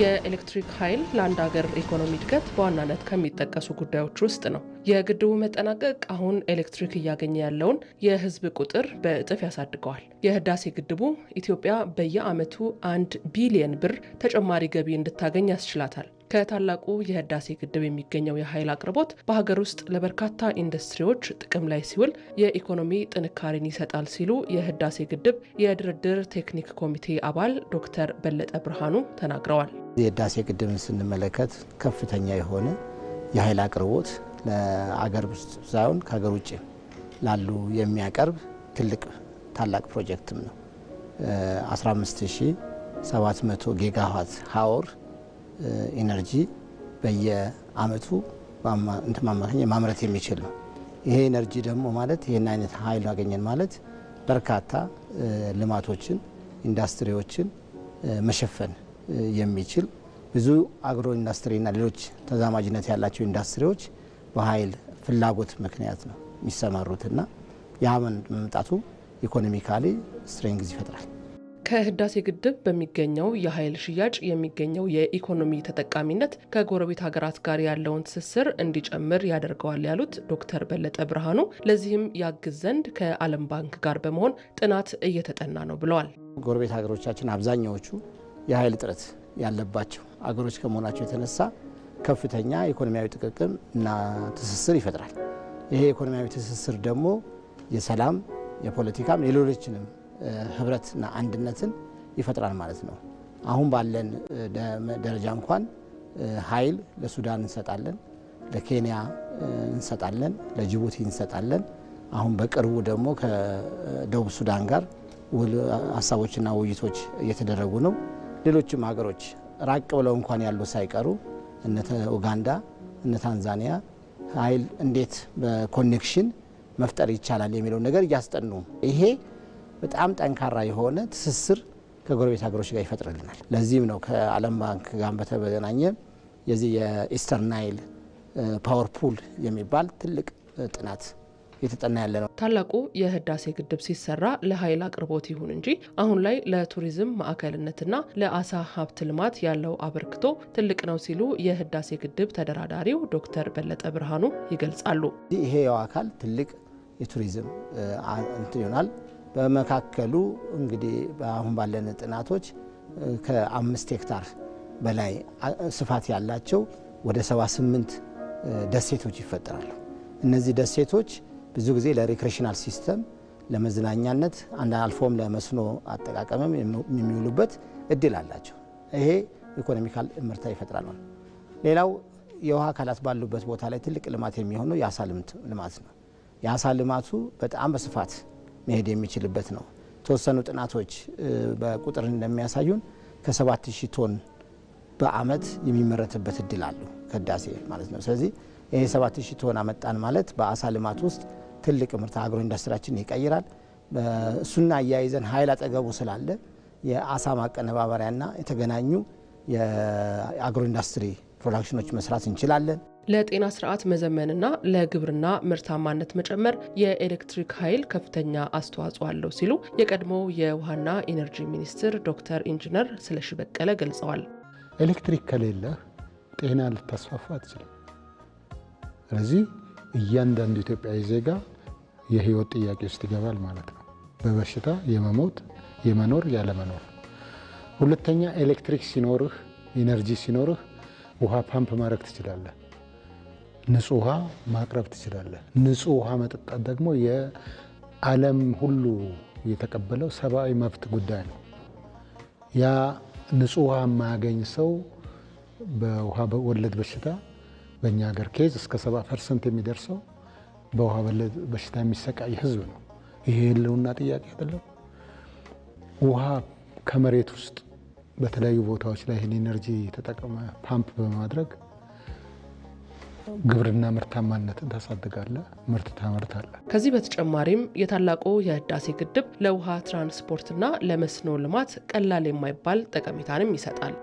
የኤሌክትሪክ ኃይል ለአንድ ሀገር ኢኮኖሚ እድገት በዋናነት ከሚጠቀሱ ጉዳዮች ውስጥ ነው። የግድቡ መጠናቀቅ አሁን ኤሌክትሪክ እያገኘ ያለውን የህዝብ ቁጥር በእጥፍ ያሳድገዋል። የህዳሴ ግድቡ ኢትዮጵያ በየዓመቱ አንድ ቢሊየን ብር ተጨማሪ ገቢ እንድታገኝ ያስችላታል። ከታላቁ የህዳሴ ግድብ የሚገኘው የኃይል አቅርቦት በሀገር ውስጥ ለበርካታ ኢንዱስትሪዎች ጥቅም ላይ ሲውል የኢኮኖሚ ጥንካሬን ይሰጣል ሲሉ የህዳሴ ግድብ የድርድር ቴክኒክ ኮሚቴ አባል ዶክተር በለጠ ብርሃኑ ተናግረዋል። የህዳሴ ግድብን ስንመለከት ከፍተኛ የሆነ የኃይል አቅርቦት ለአገር ውስጥ ሳይሆን ከሀገር ውጭ ላሉ የሚያቀርብ ትልቅ ታላቅ ፕሮጀክትም ነው 15700 ጌጋዋት ሀወር ኢነርጂ በየአመቱ እንትን ማምረት የሚችል ነው። ይሄ ኢነርጂ ደግሞ ማለት ይህን አይነት ሀይል አገኘን ማለት በርካታ ልማቶችን፣ ኢንዱስትሪዎችን መሸፈን የሚችል ብዙ አግሮ ኢንዱስትሪና ሌሎች ተዛማጅነት ያላቸው ኢንዱስትሪዎች በሀይል ፍላጎት ምክንያት ነው የሚሰማሩትና ያ መምጣቱ ኢኮኖሚካሊ ስትሬንግዝ ይፈጥራል። ከህዳሴ ግድብ በሚገኘው የኃይል ሽያጭ የሚገኘው የኢኮኖሚ ተጠቃሚነት ከጎረቤት ሀገራት ጋር ያለውን ትስስር እንዲጨምር ያደርገዋል ያሉት ዶክተር በለጠ ብርሃኑ ለዚህም ያግዝ ዘንድ ከዓለም ባንክ ጋር በመሆን ጥናት እየተጠና ነው ብለዋል። ጎረቤት ሀገሮቻችን አብዛኛዎቹ የኃይል እጥረት ያለባቸው አገሮች ከመሆናቸው የተነሳ ከፍተኛ ኢኮኖሚያዊ ጥቅም እና ትስስር ይፈጥራል። ይሄ ኢኮኖሚያዊ ትስስር ደግሞ የሰላም የፖለቲካም የሌሎችንም ህብረትና አንድነትን ይፈጥራል ማለት ነው። አሁን ባለን ደረጃ እንኳን ኃይል ለሱዳን እንሰጣለን፣ ለኬንያ እንሰጣለን፣ ለጅቡቲ እንሰጣለን። አሁን በቅርቡ ደግሞ ከደቡብ ሱዳን ጋር ሀሳቦችና ውይይቶች እየተደረጉ ነው። ሌሎችም ሀገሮች ራቅ ብለው እንኳን ያሉ ሳይቀሩ እነ ኡጋንዳ፣ እነ ታንዛኒያ ኃይል እንዴት በኮኔክሽን መፍጠር ይቻላል የሚለውን ነገር እያስጠኑ ይሄ በጣም ጠንካራ የሆነ ትስስር ከጎረቤት ሀገሮች ጋር ይፈጥርልናል። ለዚህም ነው ከዓለም ባንክ ጋር በተገናኘ የዚህ የኢስተር ናይል ፓወር ፑል የሚባል ትልቅ ጥናት የተጠና ያለ ነው። ታላቁ የህዳሴ ግድብ ሲሰራ ለኃይል አቅርቦት ይሁን እንጂ አሁን ላይ ለቱሪዝም ማዕከልነትና ለአሳ ሀብት ልማት ያለው አበርክቶ ትልቅ ነው ሲሉ የህዳሴ ግድብ ተደራዳሪው ዶክተር በለጠ ብርሃኑ ይገልጻሉ። ይሄ የው አካል ትልቅ የቱሪዝም እንትን ይሆናል። በመካከሉ እንግዲህ አሁን ባለን ጥናቶች ከአምስት ሄክታር በላይ ስፋት ያላቸው ወደ 78 ደሴቶች ይፈጠራሉ። እነዚህ ደሴቶች ብዙ ጊዜ ለሪክሬሽናል ሲስተም ለመዝናኛነት አንድ አልፎም ለመስኖ አጠቃቀምም የሚውሉበት እድል አላቸው። ይሄ ኢኮኖሚካል እምርታ ይፈጥራል። ሌላው የውሃ አካላት ባሉበት ቦታ ላይ ትልቅ ልማት የሚሆነው የአሳ ልማት ነው። የአሳ ልማቱ በጣም በስፋት መሄድ የሚችልበት ነው። የተወሰኑ ጥናቶች በቁጥር እንደሚያሳዩን ከሰባት ሺህ ቶን በአመት የሚመረትበት እድል አሉ ከህዳሴ ማለት ነው። ስለዚህ ይሄ ሰባት ሺህ ቶን አመጣን ማለት በአሳ ልማት ውስጥ ትልቅ ምርት አግሮ ኢንዱስትሪያችን ይቀይራል። እሱና አያይዘን ሀይል አጠገቡ ስላለ የአሳ ማቀነባበሪያና የተገናኙ የአግሮ ኢንዱስትሪ ፕሮዳክሽኖች መስራት እንችላለን። ለጤና ስርዓት መዘመንና ለግብርና ምርታማነት መጨመር የኤሌክትሪክ ኃይል ከፍተኛ አስተዋጽኦ አለው ሲሉ የቀድሞው የውሃና ኢነርጂ ሚኒስትር ዶክተር ኢንጂነር ስለሺ በቀለ ገልጸዋል። ኤሌክትሪክ ከሌለ ጤና ልታስፋፋ አትችልም። ስለዚህ እያንዳንዱ ኢትዮጵያዊ ዜጋ የህይወት ጥያቄ ውስጥ ይገባል ማለት ነው። በበሽታ የመሞት የመኖር ያለመኖር። ሁለተኛ ኤሌክትሪክ ሲኖርህ ኢነርጂ ሲኖርህ ውሃ ፓምፕ ማድረግ ትችላለህ። ንጹህ ውሃ ማቅረብ ትችላለህ። ንጹህ ውሃ መጠጣት ደግሞ የዓለም ሁሉ የተቀበለው ሰብአዊ መብት ጉዳይ ነው። ያ ንጹህ ውሃ የማያገኝ ሰው በውሃ ወለድ በሽታ በእኛ ሀገር ኬዝ እስከ 70 ፐርሰንት የሚደርሰው በውሃ ወለድ በሽታ የሚሰቃይ ህዝብ ነው። ይሄ የህልውና ጥያቄ አይደለም። ውሃ ከመሬት ውስጥ በተለያዩ ቦታዎች ላይ ይህን ኤነርጂ ተጠቅመ ፓምፕ በማድረግ ግብርና ምርታማነትን ታሳድጋለ፣ ምርት ታመርታለ። ከዚህ በተጨማሪም የታላቁ የህዳሴ ግድብ ለውሃ ትራንስፖርትና ለመስኖ ልማት ቀላል የማይባል ጠቀሜታንም ይሰጣል።